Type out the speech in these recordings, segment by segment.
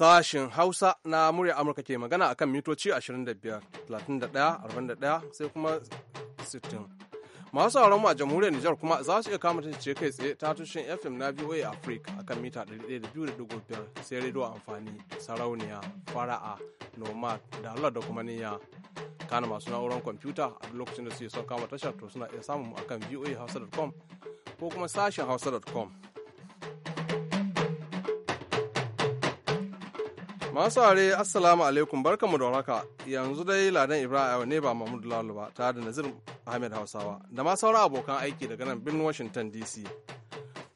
Sashen Hausa na murya Amurka ke magana akan mitoci 25, 31, 41 sai kuma 60. Masu sauran a jamhuriyar Nijar kuma za su iya kama ce kai tsaye ta tushen FM na VOA Africa akan mita 102.5 sai rediyo amfani sarauniya fara'a nomad da halar da kuma niyya kana masu na'urar kwamfuta a lokacin da suke son kama tashar to suna iya samun mu akan voahausa.com ko kuma sashen hausa.com Masu are assalamu alaikum barkamu da yanzu dai ladan Ibrahim ne ba Mahmud Lalu ba tare da Nazir Ahmed Hausawa da ma sauran abokan aiki daga nan birnin Washington DC.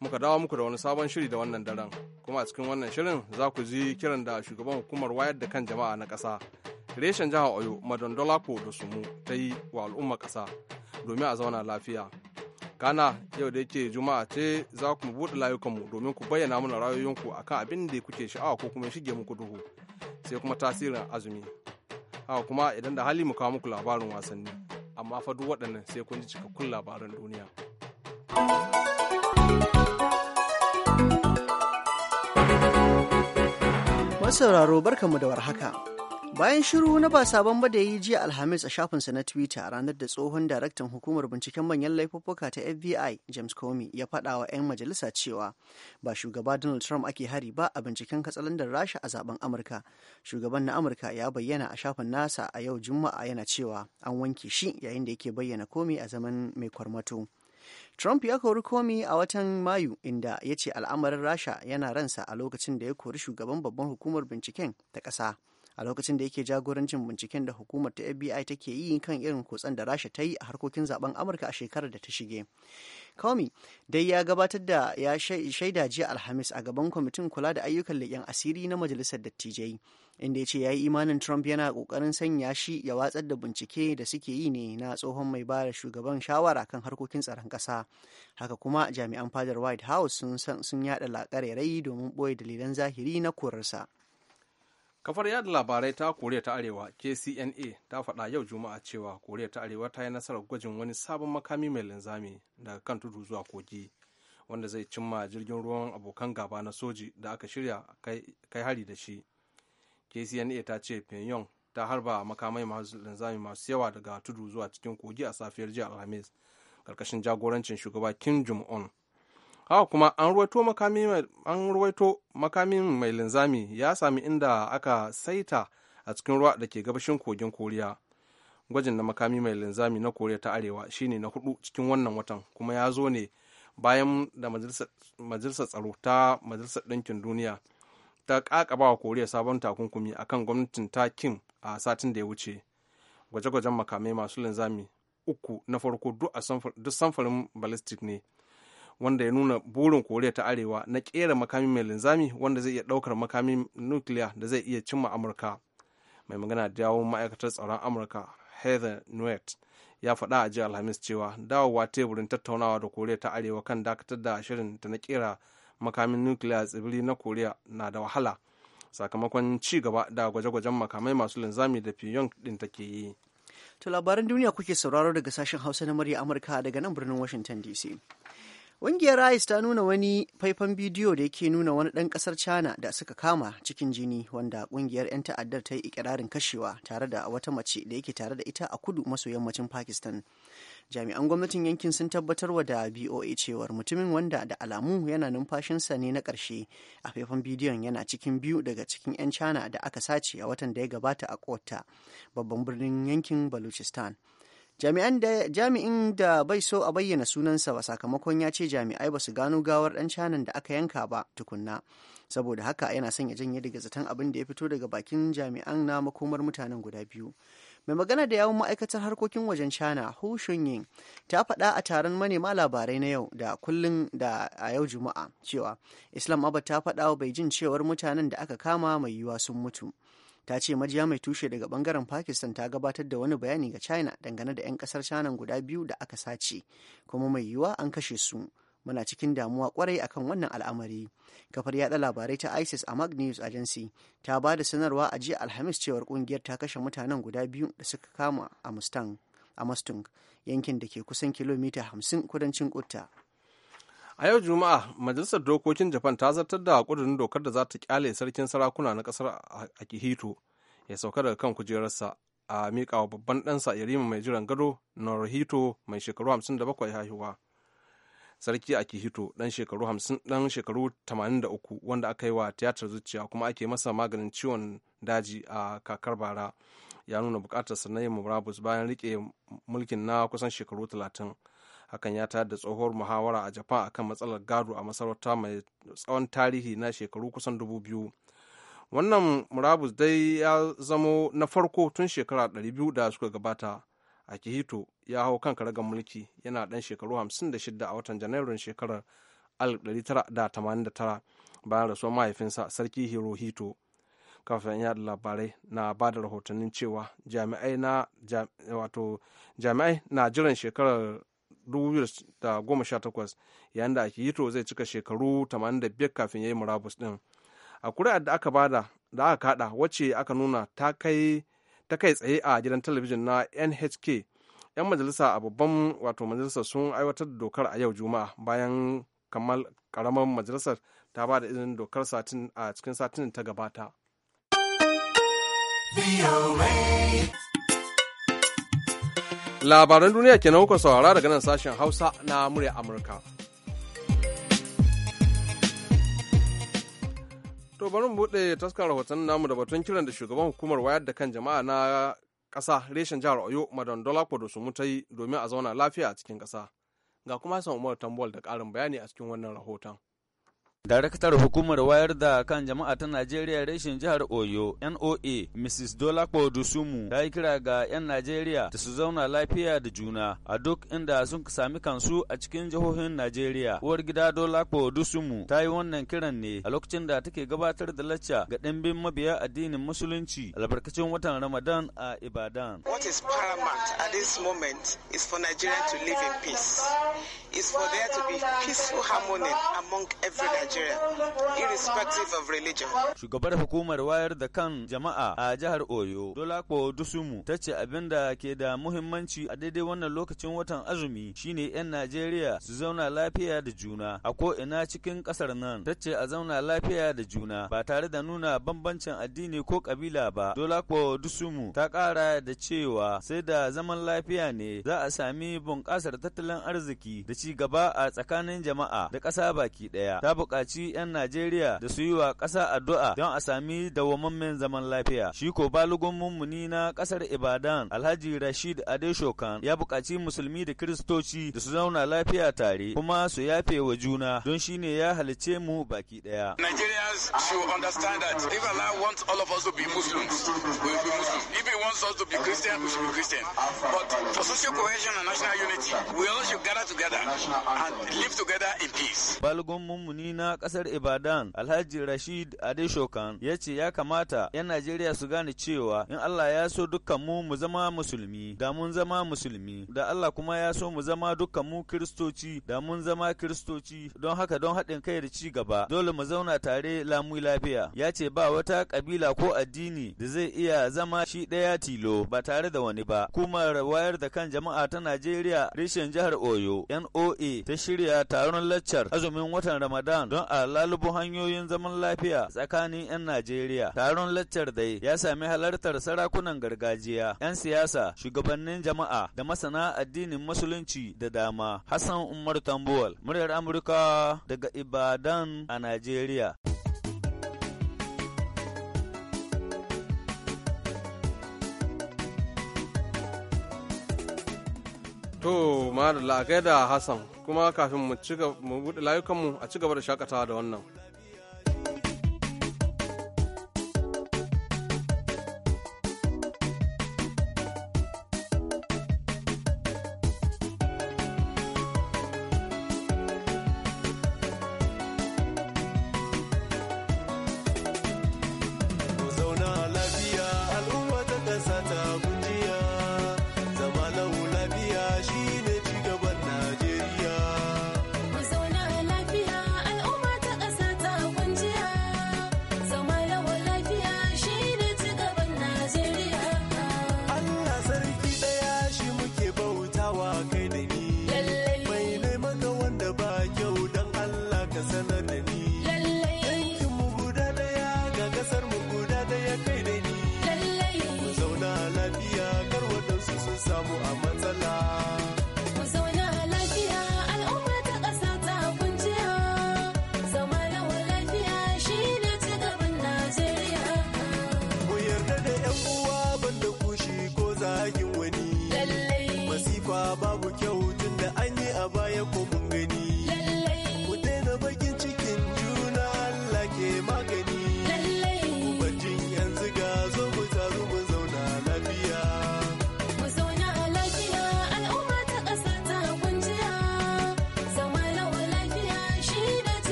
Muka dawo muku da wani sabon shiri da wannan daren kuma a cikin wannan shirin za ku ji kiran da shugaban hukumar wayar da kan jama'a na ƙasa reshen jihar Oyo ko da Sumu ta yi wa al'ummar ƙasa domin a zauna lafiya. kana yau da yake juma'a ce za ku buɗe layukanmu domin ku bayyana mana ra'ayoyinku akan abin da kuke sha'awa ko kuma shige muku duhu sai kuma tasirin azumi haka kuma idan da hali mu kawo muku labarin wasanni amma fa duk waɗannan sai kun ji cikakkun labaran duniya masauraro barkanmu da warhaka bayan shiru na ba sabon ba da yi jiya alhamis a shafinsa na twitter ranar da tsohon daraktan hukumar binciken manyan laifuffuka ta fbi james comey ya faɗa wa 'yan majalisa cewa ba shugaba donald trump ake hari ba a binciken katsalandar rasha a zaben amurka shugaban na amurka ya bayyana a shafin nasa a yau juma'a yana cewa an wanke shi yayin da yake bayyana comey a zaman mai kwarmato Trump ya kori komi a watan Mayu inda ya ce al'amarin Rasha yana ransa a lokacin da ya kori shugaban babban hukumar binciken ta ƙasa a lokacin da yake jagorancin binciken da hukumar ta FBI take yi kan irin kutsen da Rasha ta yi a harkokin zaben Amurka a shekarar da ta shige. Comey dai ya gabatar da ya shaida jiya Alhamis a gaban kwamitin kula da ayyukan leƙen asiri na majalisar dattijai. inda ya ce ya yi imanin Trump yana kokarin sanya shi ya watsar da bincike da suke yi ne na tsohon mai bada shugaban shawara kan harkokin tsaron ƙasa. Haka kuma jami'an fadar White House sun yaɗa laƙarerai domin ɓoye dalilan zahiri na korarsa. kafar yada labarai ta koriya ta arewa kcna ta faɗa yau juma'a cewa koriya ta arewa ta yi nasarar gwajin wani sabon makami mai linzami daga kan tudu zuwa kogi wanda zai cimma jirgin ruwan abokan gaba na soji da aka shirya kai hari da shi kcna ta ce pyongyang ta harba makamai masu linzami masu yawa daga tudu zuwa cikin kogi a safiyar jiya alhamis karkashin jagorancin shugaba kim jong-un haka kuma an ruwaito makami mai linzami ya sami inda aka saita a cikin ruwa da ke gabashin kogin koriya gwajin na makami mai linzami na koriya ta arewa shine na hudu cikin wannan watan kuma ya zo ne bayan da majalisar tsaro ta majalisar ɗinkin duniya ta kakaba wa koriya sabon takunkumi a kan gwamnatin ta kim a satin da ya wuce gwaje-gwajen makamai masu linzami uku na farko duk samfurin ballistic ne wanda ya nuna burin koriya ta arewa na kera makami mai linzami wanda zai iya daukar makamin nukiliya da zai iya cimma amurka mai magana da yawon ma'aikatar tsaron amurka heather nuet ya faɗa a jiya alhamis cewa dawowa teburin tattaunawa da koriya ta arewa kan dakatar da shirin ta na kera makamin nukiliya tsibiri na koriya na da wahala sakamakon ci gaba da gwaje-gwajen makamai masu linzami da pyongyang din ke yi to labaran duniya kuke sauraro daga sashen hausa na murya amurka daga nan birnin washington dc Ƙungiyar Rice ta nuna wani faifan bidiyo da yake nuna wani ɗan ƙasar China da suka kama cikin jini wanda ƙungiyar 'yan ta'addar ta yi ikirarin kashewa tare da wata mace da yake tare da ita a kudu maso yammacin Pakistan. Jami'an gwamnatin yankin sun tabbatar wa da BOA cewar mutumin wanda da alamu yana numfashinsa ne na ƙarshe a faifan bidiyon yana cikin biyu daga cikin 'yan China da aka sace a watan da ya gabata a Kota, babban birnin yankin Baluchistan. jami'in da bai so a bayyana sunansa ba sakamakon ya ce jami'ai ba su gano gawar dan canan da aka yanka ba tukunna saboda haka yana son ya janye daga zaton abin da ya fito daga bakin jami'an na makomar mutanen guda biyu mai magana da yawon ma'aikatar harkokin wajen china hu shunyin ta faɗa a taron manema labarai na yau da kullun da a yau juma'a cewa islam abad ta faɗa wa beijing cewar mutanen da aka kama mai yiwuwa sun mutu ta ce majiya mai tushe daga bangaren pakistan ta gabatar da wani bayani ga china dangane da 'yan kasar china guda biyu da aka sace kuma mai yiwuwa an kashe su muna cikin damuwa kwarai akan wannan al'amari kafar yada labarai ta isis a mag news agency ta ba da sanarwa a jiya alhamis cewar kungiyar ta kashe mutanen guda biyu da suka kama a mustang a yankin da ke kusan kilomita hamsin kudancin kuta a yau juma'a majalisar dokokin japan ta zartar da kudurin dokar da za ta kyale sarkin sarakuna na kasar akihito ya sauka daga kan kujerarsa a miƙa wa babban ɗansa yarima mai jiran gado naruhito mai shekaru 57 haihuwa sarki akihito ɗan shekaru 50 ɗan shekaru 83 wanda aka yi wa tiyatar zuciya kuma ake masa maganin ciwon daji a kakar bara ya nuna bukatar na yin murabus bayan rike mulkin na kusan shekaru 30 hakan ya tayar da tsohuwar muhawara a japan akan matsalar gado a masarauta mai tsawon tarihi na shekaru kusan dubu biyu wannan murabus dai ya zamo na farko tun shekara biyu da suka gabata a kihito ya hau kan karagar mulki yana dan shekaru hamsin da shida a watan janairun shekarar 1989 bayan rasuwar mahaifinsa sarki hirohito kafin yada labarai na ba da rahotannin cewa jami'ai na jiran shekarar 2018 yayin da to zai cika shekaru 85 kafin ya yi murabus din a kuri'ar da aka bada da aka kada wacce aka nuna ta kai tsaye a gidan talabijin na nhk 'yan majalisa a babban wato majalisa sun aiwatar da dokar a yau juma'a bayan kamar karamar majalisar ta ba da izinin dokar satin a cikin satin ta gabata. Labaran duniya kenan kuka saurara daga nan sashen Hausa na murya Amurka. To bari mu buɗe taskar rahoton namu da batun kiran da shugaban hukumar wayar da kan jama'a na kasa reshen jihar Oyo Madan Dola kwado su mutai domin a zauna lafiya a cikin kasa Ga kuma san Umar Tambol da ƙarin bayani a cikin wannan rahoton. Daraktar hukumar wayar da kan jama'a ta Najeriya reshen jihar Oyo NOA Mrs. Dolapo Dusumu ta yi kira ga 'yan Najeriya da su zauna lafiya da juna a duk inda sun sami kansu a cikin jihohin Najeriya. Uwar gida Dolapo Dusumu ta yi wannan kiran ne a lokacin da take gabatar da lacca ga ɗimbin mabiya addinin Musulunci albarkacin watan Ramadan a Ibadan. What is paramount at this moment is for Nigeria to live in peace. for there to be harmony among Nigeria, Shugabar hukumar wayar da kan jama'a a jihar Oyo, Dolapo Dusumu, ta ce abin da ke da muhimmanci a daidai wannan lokacin watan azumi shine 'yan Najeriya su zauna lafiya da juna a ko ina cikin kasar nan. Ta ce a zauna lafiya da juna ba tare da nuna bambancin addini ko kabila ba. Dolapo Dusumu ta kara da cewa sai da zaman lafiya ne za a sami bunƙasar tattalin arziki da ci gaba a tsakanin jama'a da ƙasa baki ɗaya. Ta buƙaci buƙaci 'yan Najeriya da su yi wa ƙasa addu'a don a sami dawwammamen zaman lafiya. Shi ko balogun mummuni na ƙasar Ibadan Alhaji Rashid Adeshokan ya buƙaci musulmi da kiristoci da su zauna lafiya tare kuma su yafe wa juna don shi ne ya halice mu baki ɗaya. Nigerians should understand that if Allah wants unity, we all in peace. mummuni na A kasar Ibadan Alhaji Rashid Adeshokan ya ce ya kamata 'yan Najeriya su gane cewa in Allah ya so dukkan mu mu zama musulmi da mun zama musulmi da Allah kuma ya so mu zama dukkan mu kiristoci da mun zama kiristoci don haka don haɗin kai da ci gaba dole mu zauna tare lamu lafiya ya ce ba wata kabila ko addini da zai iya zama shi ɗaya tilo ba tare da wani ba kuma wayar da kan jama'a ta Najeriya reshen jihar Oyo NOA ta shirya taron laccar azumin watan Ramadan don a lalubo hanyoyin zaman lafiya tsakanin 'yan Najeriya. Taron laccar dai ya sami halartar sarakunan gargajiya, 'yan siyasa, shugabannin jama'a da masana addinin musulunci da dama. Hassan Umar Tambuwal, muryar Amurka daga Ibadan a Najeriya. To, da a da Hassan, kuma kafin mu buɗe layukanmu a ci gaba da shakatawa da wannan.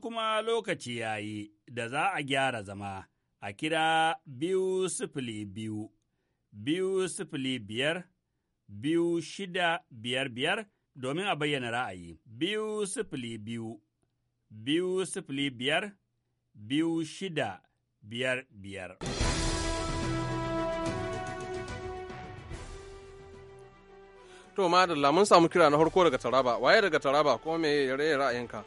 kuma lokaci ya yi da za a gyara zama a kira biyu sifili biyu, biyu sifili biyar, biyu shida biyar biyar domin a bayyana ra'ayi. Biyu sifili biyu, biyu sifili biyar, biyu shida biyar biyar. To, madalla mun samu kira na harko daga Taraba, waye daga Taraba kuma me ra'ayinka? ra'ayinka?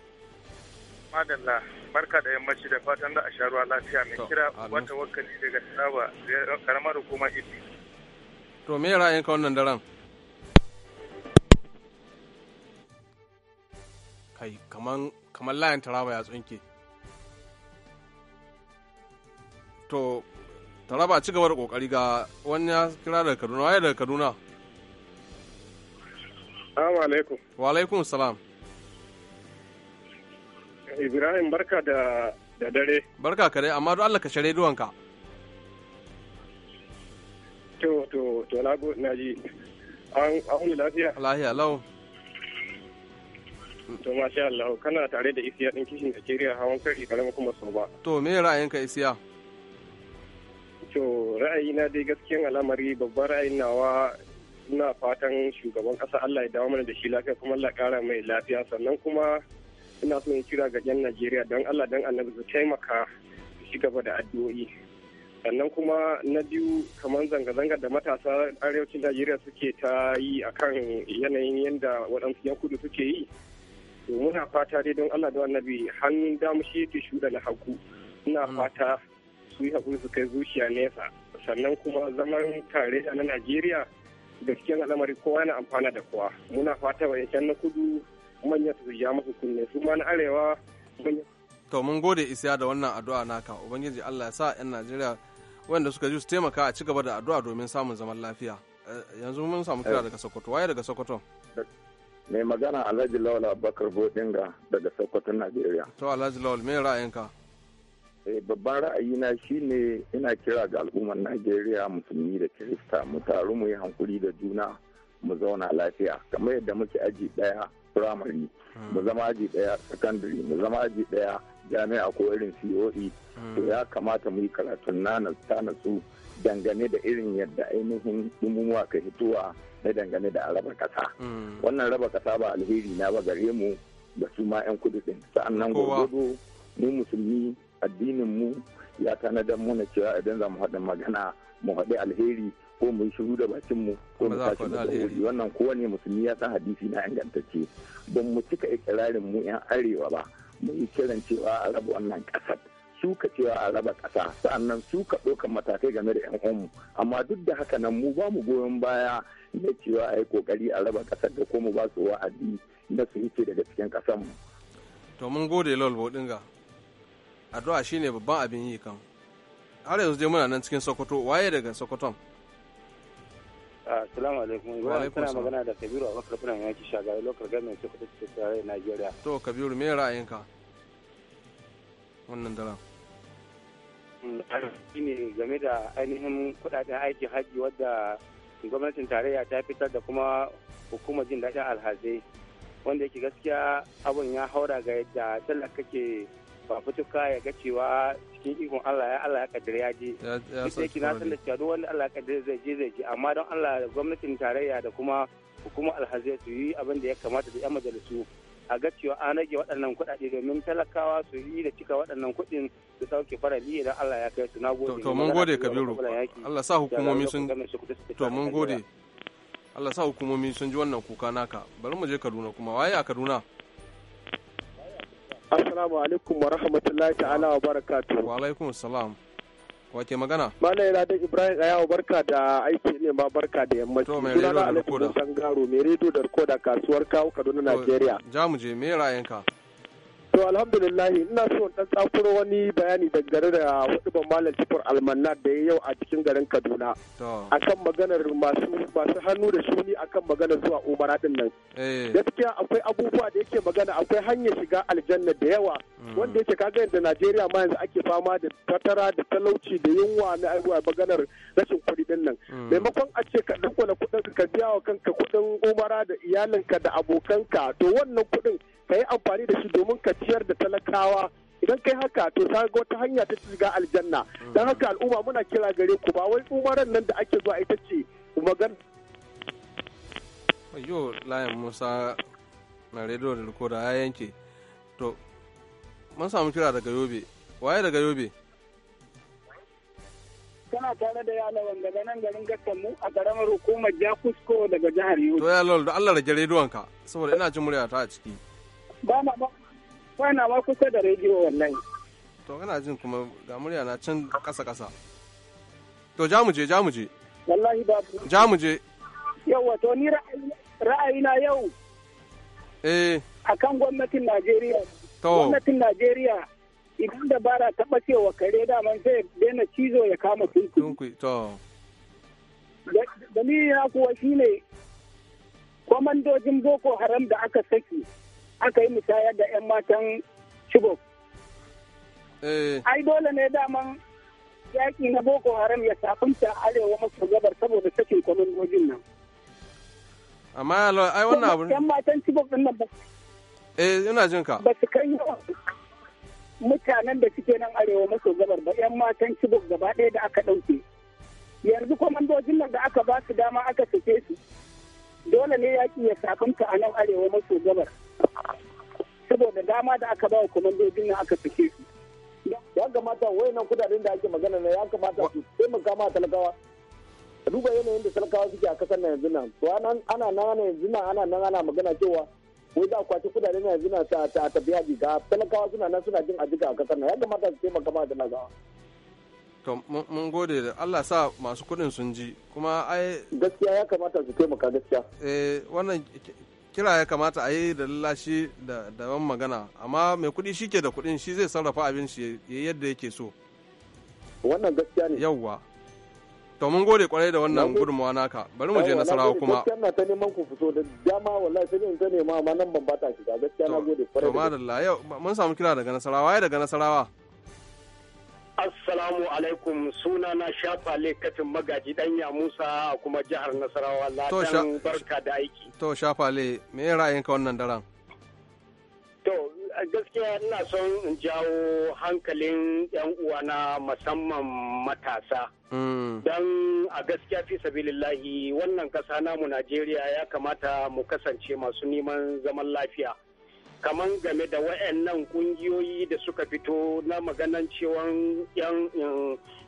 madalla barka da yammaci da fatan da a sharuwa lafiya mai kira wata wakali daga taraba karamar hukumar idi to me ra'ayinka wannan daren kai kaman kaman layin taraba ya tsunke to taraba ci gaba da kokari ga wani ya kira daga kaduna waye daga kaduna Assalamu alaikum. Wa alaikum salam. Ibrahim barka da da dare. Barka kare amma don Allah ka share duwanka. To to to na go na ji. An wuni lafiya? Lafiya lau. To masha Allah kana tare da isiya din kishin kiriya, hawan kari karama kuma so ba. To me ra'ayinka isiya? To ra'ayi na dai gaskiyan al'amari babbar ra'ayin nawa ina fatan shugaban kasa, Allah ya dawo mana da shi lafiya kuma Allah kara mai lafiya sannan kuma ina so in kira ga 'yan najeriya don allah don annabi su taimaka su ci gaba da addu'o'i sannan kuma na biyu kamar zanga-zanga da matasa arewacin najeriya suke ta yi akan yanayin yadda waɗansu yan kudu suke yi to muna fata dai don allah da annabi hannun damu shi yake shuɗa na hagu ina mm. fata su yi haƙuri su kai zuciya nesa sannan kuma zaman tare na najeriya gaskiyan al'amari kowa yana amfana da kowa muna fata wa na kudu manyan su ja masu kunne su ma na arewa manyan to mun gode isiya da wannan addu'a naka ubangiji Allah ya sa yan Najeriya wanda suka ji su taimaka a cigaba da addu'a domin samun zaman lafiya eh, yanzu mun samu kira eh. daga Sokoto waye daga Sokoto mai magana Alhaji Lawal Abubakar Bodinga daga Sokoto Najeriya to Alhaji Lawal me ra'ayinka eh, babban ra'ayina shine ina kira ga al'ummar najeriya musulmi da kirista mu taru mu yi hankuri da juna mu zauna lafiya kamar yadda muke aji daya firamare mu hmm. zama aji daya secondary mu zama aji daya jami'a ko irin coe to hmm. ya kamata mu yi karatun na ta dangane da irin yadda ainihin dumumuwa ka hituwa na dangane da raba kasa hmm. wannan raba kasa ba alheri na ba gare mu da su ma 'yan kudu din sa'annan gwargwado mu musulmi addinin mu ya mu na cewa idan za mu haɗa magana mu haɗi alheri ko mu shiru da bakin mu ko mu tashi da alheri wannan kowane musulmi ya san hadisi na ingantacce don mu cika ikirarin mu yan arewa ba mu yi kiran cewa a raba wannan kasar su ka cewa a raba kasa sa'annan su ka ɗaukan matakai game da yan uwanmu amma duk da haka nan mu ba mu goyon baya na cewa a yi kokari a raba kasar da ko mu ba su wa'adi na su yake daga cikin kasar mu. to mun gode lol bodinga addu'a shine babban abin yi kan har yanzu dai muna nan cikin sokoto waye daga sokoton. Assalamu alaikum. Wa alaikum salam. magana da Kabiru Abubakar Fulan yaki shagari lokal government ta kudu ta tare Najeriya. To Kabiru me ra'ayinka? Wannan daren. Mm, shi ne game da ainihin kudaden aiki haji wadda gwamnatin tarayya ta fitar da kuma hukumar jin daɗin alhazai wanda yake gaskiya abun ya haura ga yadda talaka ke ba fituka ya ga cewa cikin ikon Allah ya Allah ya kaddare ya je duk yake na san da cewa duk wanda Allah ya kaddare zai je zai je amma don Allah gwamnatin tarayya da kuma hukumar alhazai su yi abin da ya kamata da 'yan majalisu a ga cewa an rage waɗannan kuɗaɗe domin talakawa su yi da cika waɗannan kuɗin su sauke farali idan Allah ya kai su na gode to mun gode Kabiru Allah sa hukumomi sun to mun gode Allah sa hukumomi sun ji wannan kuka naka bari mu je Kaduna kuma waye a Kaduna Assalamu alaikum wa rahmatullahi ta'ala wa barakatu Wa alaikum salam. Wace magana? Malam Iradan Ibrahim Ayawa barka da aiki ne ma barka da yammaci. To mai redo da rikoda. mai redo da rikoda kasuwar kawo Kaduna Najeriya. Jamu je me rayanka To alhamdulillahi ina so dan tsakuro wani bayani dangane da hudubar malam tukur almanna da ya yau a cikin garin Kaduna. Akan maganar masu masu hannu da shuni akan maganar zuwa umara din nan. Eh. Gaskiya akwai abubuwa da yake magana akwai hanyar shiga aljanna da yawa mm. wanda yake kaga yadda Najeriya ma yanzu ake fama da fatara da talauci da yunwa na maganar rashin kuɗi din nan. Mm. Maimakon a ce ka dakwana kuɗin ka biya wa kanka kuɗin umara da iyalinka da abokanka to wannan kuɗin ka yi amfani da shi domin ka ciyar da talakawa idan kai haka to ta ga wata hanya ta shiga aljanna don haka al'umma muna kira gare ku ba wai umaran nan da ake zuwa ita ce magana yo layin musa na rediyo da rikoda ya yanke to mun samu kira daga yobe waye daga yobe kana tare da yalawan daga nan garin mu a karamar hukumar jakusko daga jihar yobe to lol da allah rage ka saboda ina jin murya ta a ciki ba na ma kusa da rediyo wannan. to kana jin kuma ga murya na can kasa kasa to ja mu je ja mu je wallahi ba ja mu je yawa to ni ra'ayi na yau eh akan gwamnatin Najeriya to gwamnatin Najeriya idan da bara taba cewa kare daman sai daina cizo ya kama tunkuyi to dalili na kuwa shine kwamandojin boko haram da aka saki aka yi musaya da 'yan matan shigo. Eh. Ai dole ne daman yaƙi na Boko Haram ya safinta arewa maso gabar saboda sakin kwamandojin nan. Amma yalo, ai wannan abu... Yan matan shigo ɗin nan ba. Eh, ina jin ka. Ba su kai yawan mutanen da suke nan arewa maso gabar ba, yan matan shigo gaba ɗaya da aka ɗauke. Yanzu kwamandojin nan da aka ba su dama aka sake su. Dole ne yaƙi ya safinta a nan arewa maso gabar. saboda dama da aka bawa wa kwamandojin nan aka sake su ya kamata wayannan kudaden da ake magana na ya kamata su taimaka ma talakawa duba yanayin da talakawa suke a kasar na yanzu nan to ana nan ana yanzu nan ana nan ana magana cewa wai za a kwace kudaden na yanzu nan ta tafiya jiga talakawa suna nan suna jin ajika a kasar na ya kamata su taimaka ma talakawa to mun gode da Allah sa masu kudin sun ji kuma ai gaskiya ya kamata su taimaka gaskiya eh wannan kira ya kamata a yi da lallashi da daban magana amma mai kuɗi shi ke da kuɗin shi zai sarrafa abin shi yadda yake so wannan gaskiya ne yawwa to mun gode kwarai da wannan gudunmawa naka bari mu je nasarawa kuma gaskiya na ta neman ku fito da dama wallahi sai in ta nema amma nan ban bata shiga gaskiya na gode kwarai to madalla yau mun samu kira daga nasarawa ya daga nasarawa Assalamu alaikum suna na shafa katin magaji ɗanya Musa a kuma jihar Nasarawa ladan barka da aiki. To shafa le, me ra'ayinka wannan daren? To gaskiya ina son in jawo hankalin 'yan uwana musamman matasa. Mm. Don a gaskiya fi sabilillahi wannan ƙasa namu Najeriya ya kamata mu kasance masu neman zaman lafiya. kamar game da wayannan kungiyoyi da suka fito na maganan cewa yan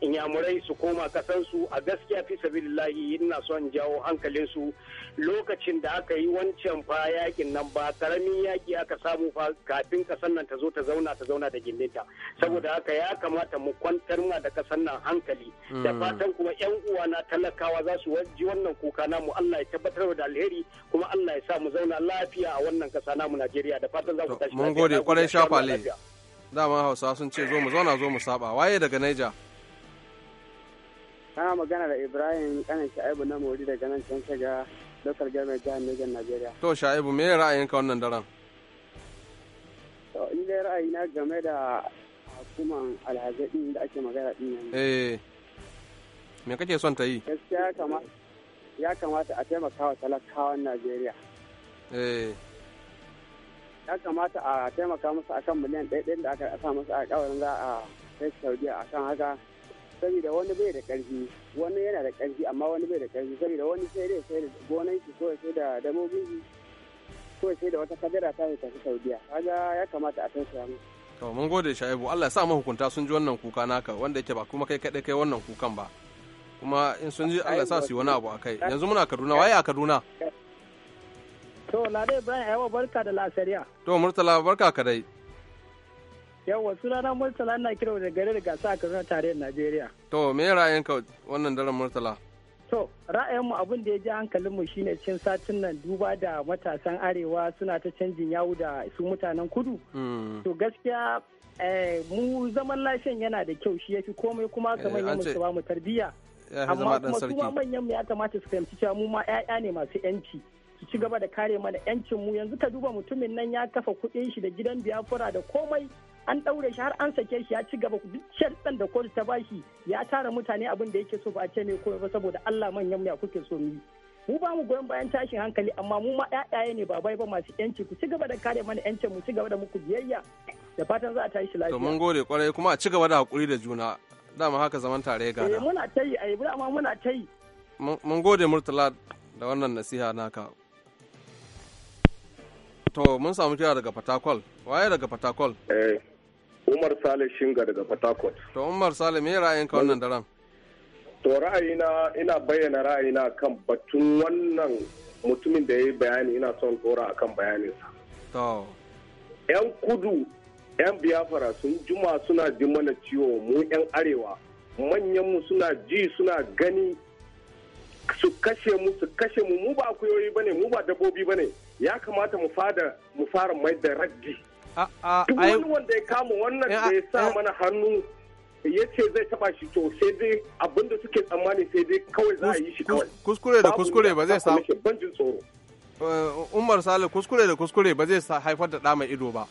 inyamurai su koma kasansu a gaskiya fi sabilillahi ina son jawo hankalinsu lokacin da aka yi wancan fa yakin nan ba karamin yaki aka samu fa kafin kasan nan ta zo ta zauna ta zauna da gindinta saboda haka ya kamata mu kwantar ma da kasan nan hankali da hmm. fatan kuma yan uwa na talakawa za su ji wannan kuka namu Allah ya tabbatar da alheri kuma Allah ya sa mu zauna lafiya a wannan kasa namu Najeriya da fatan fatan za ku tashi mun gode kwarai shafale dama hausa sun ce zo mu zauna zo mu saba waye daga naija kana magana da ibrahim kanan sha'ibu na mori daga nan can shiga lokal government jihar niger Najeriya. to sha'ibu me ra'ayinka wannan daren to in dai ra'ayina game da hukumar alhazadin da ake magana din nan eh me kake son ta yi gaskiya ya kamata a taimaka wa talakawan najeriya eh ya kamata a taimaka musu akan miliyan ɗaya da aka sa musu a kawarin za a kai saudiya kan haka saboda wani bai da ƙarfi wani yana da ƙarfi amma wani bai da ƙarfi saboda wani sai dai sai da gonan shi ko sai da dabobin shi ko sai da wata kadara ta yi tafi saudiya kaga ya kamata a tausaya musu. to mun gode sha'ibu Allah ya sa mahukunta sun ji wannan kuka naka wanda yake ba kuma kai kaɗai kai wannan kukan ba kuma in sun ji Allah ya sa su yi wani abu a kai yanzu muna Kaduna waye a Kaduna. To, Lade Ibrahim yawa barka da lasariya. To, Murtala barka ka dai. Yawa sunana Murtala na kira da garin gasa a Kaduna Tarihin Najeriya. To, me ka wannan daren Murtala? To, ra'ayinmu abin da ya ji hankalinmu shine cin satin nan duba da matasan arewa suna ta canjin yawu da su mutanen kudu. Hmm. To gaskiya eh, mu zaman lafiyan yana da kyau shi ya fi komai kuma eh, kamar yamma su ba mu tarbiyya. Amma kuma su manyan mu ya kamata su fahimci cewa mu ma 'ya'ya ne masu 'yanci. su ci gaba da kare mana yancin mu yanzu ka duba mutumin nan ya kafa kuɗin shi da gidan biyafura da komai an ɗaure shi har an sake shi ya ci gaba duk sharɗan da kotu ta bashi ya tara mutane abin da yake so ba a ce ne komai ba saboda Allah manyan mu ya kuke so mu mu ba mu goyon bayan tashin hankali amma mu ma ƴaƴaye ne ba bai ba masu yanci ku ci gaba da kare mana yancin mu ci gaba da muku biyayya da fatan za a tashi lafiya to mun gode kwarai kuma a ci gaba da hakuri da juna dama haka zaman tare ga da eh, muna tayi eh, ayi amma muna tayi mun gode murtala da wannan nasiha naka To mun samu kira daga Fatakwal. Waye daga Fatakwal? Eh, Umar Sale Shinga daga Fatakwal. To Umar Sale me ka wannan daren? To ra'ayina ina bayyana ra'ayina kan batun wannan mutumin da ya yi bayani ina son dora akan bayaninsa. To. 'Yan kudu 'yan biyafara sun juma suna ji mana ciwo mu 'yan arewa manyanmu suna ji suna gani su kashe mu su kashe mu mu ba akuyoyi bane mu ba dabbobi bane ya kamata mu fada mu fara mai da raddi wani wanda ya kama wannan eh, da ya ah, sa eh. mana hannu ya ce zai taba shi to sai dai abinda suke tsammani sai dai kawai za a yi shi kawai kuskure da kuskure ba zai samu eh, umar sale kuskure da kuskure ba zai haifar da ɗa ido ba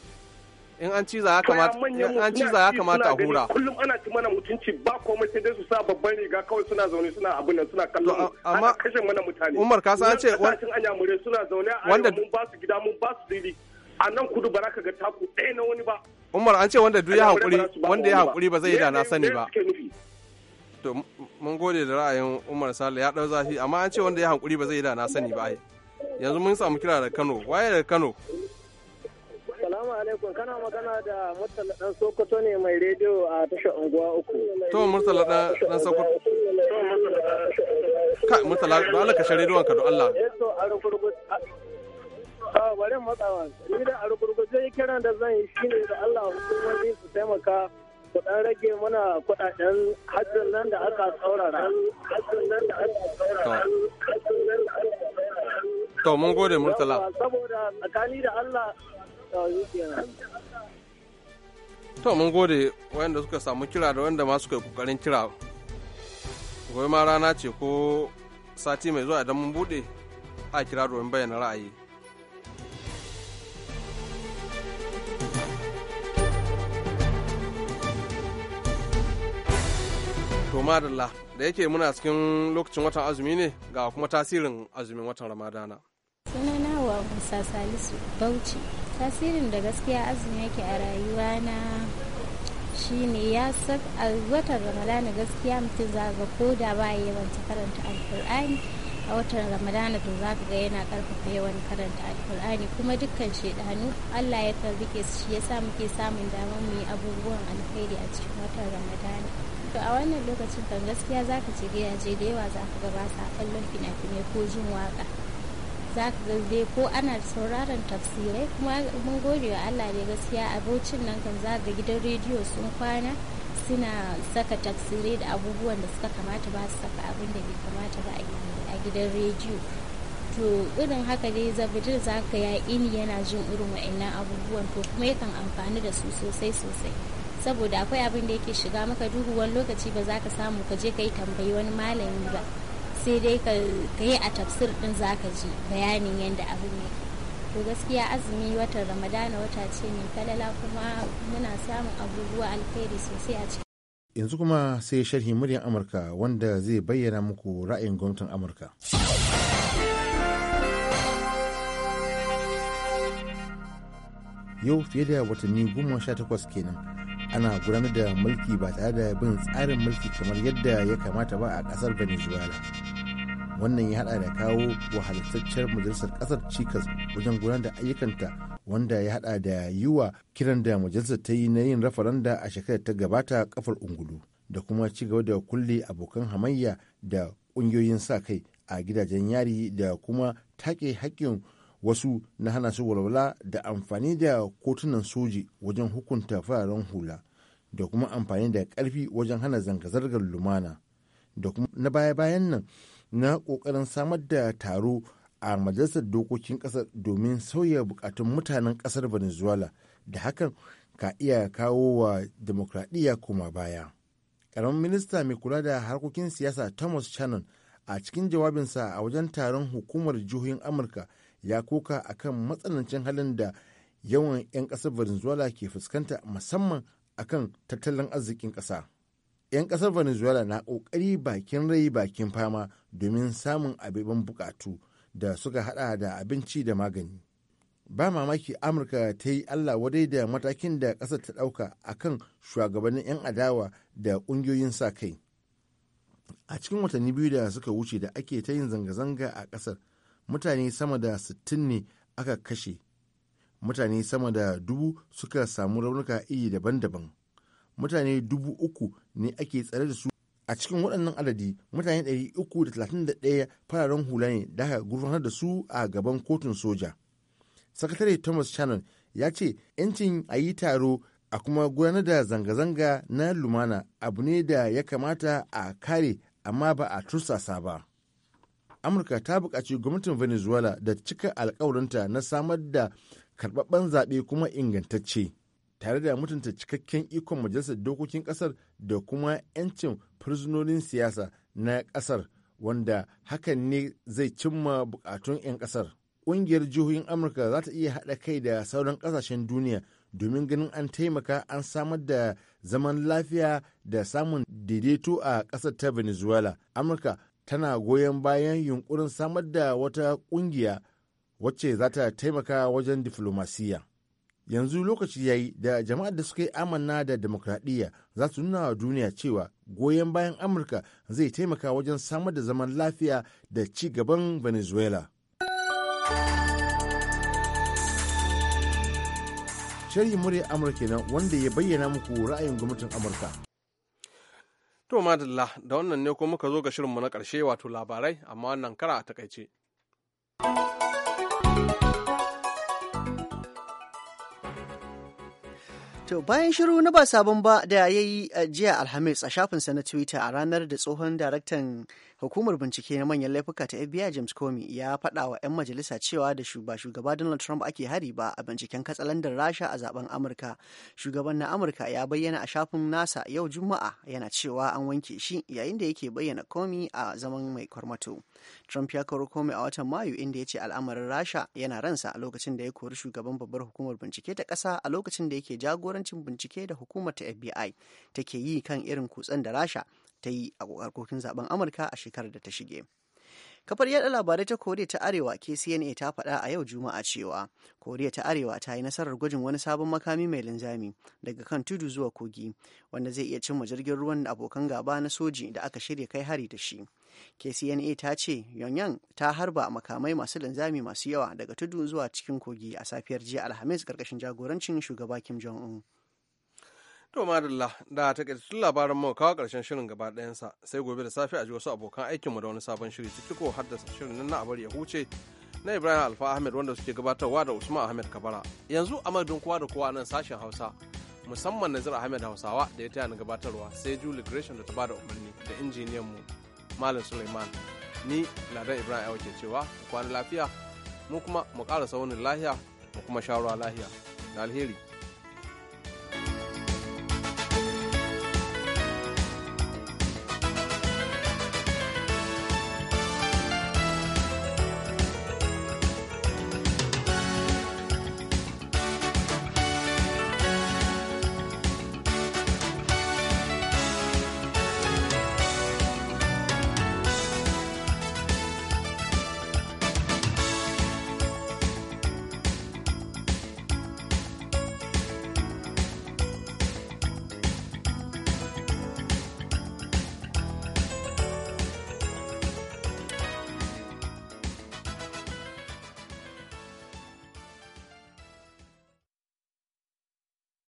in an ciza ya kamata in an ciza ya kamata a hura kullum ana ci mana mutunci ba komai sai dai su sa babban riga kawai suna zaune suna abin nan suna kallon amma kashe mana mutane Umar ka san an ce mure suna zaune a mun ba su gida mun ba su dili a nan kudu ba ka ga taku ɗaya na wani ba Umar an ce wanda duk ya hakuri wanda ya hakuri ba zai yi da na sani ba to mun gode da ra'ayin Umar Sale ya dau zafi amma an ce wanda ya hakuri ba zai yi da na sani ba yanzu mun samu kira da Kano waye da Kano Assalamu alaikum kana magana da Murtala dan Sokoto ne mai rediyo a tashar unguwa uku. To Murtala dan Sokoto. Ka Murtala Allah ka share rediyon ka don Allah. Eh, a Ah bari Ni da a kiran da zan yi shine da Allah hukumomi su taimaka ku dan rage mana kudaden hajjin nan da aka tsaurara. Hajjin nan da aka To mun gode Murtala. Saboda tsakani da Allah to mun gode wayanda suka samu kira da wanda ma suka yi kokarin kira gobe ma rana ce ko sati mai zuwa idan mun bude a kira domin bayyana ra'ayi to madalla da yake muna cikin lokacin watan azumi ne ga kuma tasirin azumin watan ramadana sunana wa musa salisu bauchi tasirin da gaskiya azumi yake a rayuwa na shine ya sab a watan ramadana gaskiya mutum za ga ko da ba yawanta karanta alkur'ani a watan ramadana to za ga yana karfafa yawan karanta alkur'ani kuma dukkan shaidanu allah ya kan rike su shi yasa muke samun damar mu yi abubuwan alkhairi a cikin watan ramadana to a wannan lokacin kan gaskiya za ka ci gidaje da yawa za ka ga ba sa kallon fina-finai ko jin waka za ka ga dai ko ana sauraron tafsirai kuma mun gode wa Allah da gaskiya abocin nan kan za ga gidan rediyo sun kwana suna saka tafsirai da abubuwan da suka kamata ba su saka abin da bai kamata ba a gidan rediyo to irin haka dai zabidin za ka ya ini yana jin irin wa'annan abubuwan to kuma yakan amfani da su sosai sosai saboda akwai abin da yake shiga maka duhu wani lokaci ba za ka samu ka je ka yi tambayi wani malami ba sai dai ka yi a tafsir din za ka ji bayanin yadda abin ne to gaskiya azumi watan ramadana wata ce mai falala kuma muna samun abubuwa alheri sosai a ciki yanzu kuma sai sharhi muryar amurka wanda zai bayyana muku ra'ayin gwamnatin amurka yau fiye da watanni goma sha takwas kenan ana gudanar da mulki ba tare da bin tsarin mulki kamar yadda ya kamata ba a kasar venezuela wannan ya hada da kawo wahalatacciyar majalisar kasar cikas wajen gudanar da ayyukanta wanda ya hada da yiwa kiran da majalisar ta yi na yin rafaranda a shekarar ta gabata kafar ungulu da kuma ci gaba da kulle abokan hamayya da kungiyoyin sa kai a gidajen yari da kuma take haƙƙin wasu na hana su walwala da amfani da kotunan soji wajen hukunta fararen hula da kuma amfani da ƙarfi wajen hana zanga-zangar lumana da kuma na baya-bayan nan na ƙoƙarin samar da taro a majalisar dokokin ƙasar domin sauya bukatun mutanen ƙasar venezuela da hakan ka iya kawo wa demokradiyya kuma baya ƙaramin minista mai kula da harkokin siyasa thomas shannon a cikin jawabinsa a wajen taron hukumar jihohin amurka ya koka akan matsanancin halin da yawan 'yan ƙasar venezuela ke fuskanta musamman akan tattalin arzikin ƙasa. 'yan ƙasar venezuela na ƙoƙari bakin rai bakin fama domin samun ababen buƙatu da suka hada da abinci da magani ba mamaki amurka ta yi allah wadai da matakin da ƙasar ta ɗauka a kan shugabannin 'yan adawa da ƙungiyoyin sa kai a cikin watanni biyu da suka wuce da ake ta yin zanga-zanga a ƙasar mutane sama da sittin ne aka kashe mutane sama da dubu suka samu raunuka iri daban-daban mutane dubu uku ne ake tsare da su a cikin waɗannan adadi mutane ɗari da 331 fararen hula ne da aka gurfanar da su a gaban kotun soja sakatare thomas shannon ya ce 'yancin a yi taro a kuma gudanar da zanga-zanga na lumana abu ne da ya kamata a kare amma ba a tursasa ba amurka ta buƙaci gwamnatin venezuela da cika alkawarinta na samar da karɓaɓɓen zaɓe kuma ingantacce tare da mutunta cikakken ikon majalisar dokokin kasar da kuma 'yancin fursunonin siyasa na kasar wanda hakan ne zai cimma bukatun 'yan kasar ƙungiyar jihohin amurka za ta iya haɗa kai da sauran ƙasashen duniya domin ganin an taimaka an samar da zaman lafiya da samun daidaito a ƙasar ta venezuela amurka tana goyon bayan yunkurin samar da wata ƙungiya wacce za ta taimaka wajen diflomasiya. yanzu lokaci ya yi da jama'ar da suka yi amana da demokradiyya za su nuna wa duniya cewa goyon bayan amurka zai taimaka wajen samar da zaman lafiya da ci gaban venezuela sharhi murya amurka nan wanda ya bayyana muku ra'ayin gwamnatin amurka to madalla da wannan ne ko muka zo ga shirinmu na karshe wato labarai amma wannan kara a takaice. To bayan shiru na ba sabon ba da ya yi eh, jiya Alhamis a shafinsa na Twitter a ranar da tsohon daraktan hukumar bincike na manyan laifuka ta FBI James Comey ya faɗa wa 'yan majalisa cewa da ba shugaba Donald Trump ake hari ba a binciken katsalandar Rasha a zaben Amurka. Shugaban na Amurka ya bayyana a shafin nasa yau Juma'a yana cewa an wanke shi yayin da yake bayyana Comey a zaman mai kwarmato. Trump ya kori Comey a watan Mayu inda ya ce al'amarin Rasha yana ransa a lokacin da ya kori shugaban babbar hukumar bincike ta ƙasa a lokacin da yake jagora jagorancin bincike da hukumar FBI take yi kan irin kutsen da Rasha ta yi a harkokin zaben Amurka a shekarar da ta shige. Kafar yada labarai ta Koriya ta Arewa KCNA ta faɗa a yau Juma'a cewa Koriya ta Arewa ta yi nasarar gwajin wani sabon makami mai linzami daga kan tudu zuwa kogi wanda zai iya cimma jirgin ruwan abokan gaba na soji da aka shirya kai hari da shi. KCNA ta ce Pyongyang ta harba makamai masu linzami masu yawa daga tudu zuwa cikin kogi a safiyar jiya Alhamis karkashin jagorancin shugaba Kim Jong-un. To madalla da tun labaran mu kawo karshen shirin gaba ɗayansa sai gobe da safe a ji wasu abokan aikin mu da wani sabon shiri ciki ko da shirin nan na abar ya huce na Ibrahim Alfa Ahmed wanda suke gabatarwa da Usman Ahmed Kabara. Yanzu a madadin kowa da kowa nan sashen Hausa musamman Nazir Ahmed Hausawa da ya taya ni gabatarwa sai Julie Gresham da ta bada umarni da injiniyan mu malam suleiman ni ladan ibrahim awa ke cewa kwana lafiya mu kuma mu ƙara wani lahiya mu kuma sha ruwa lahiya da alheri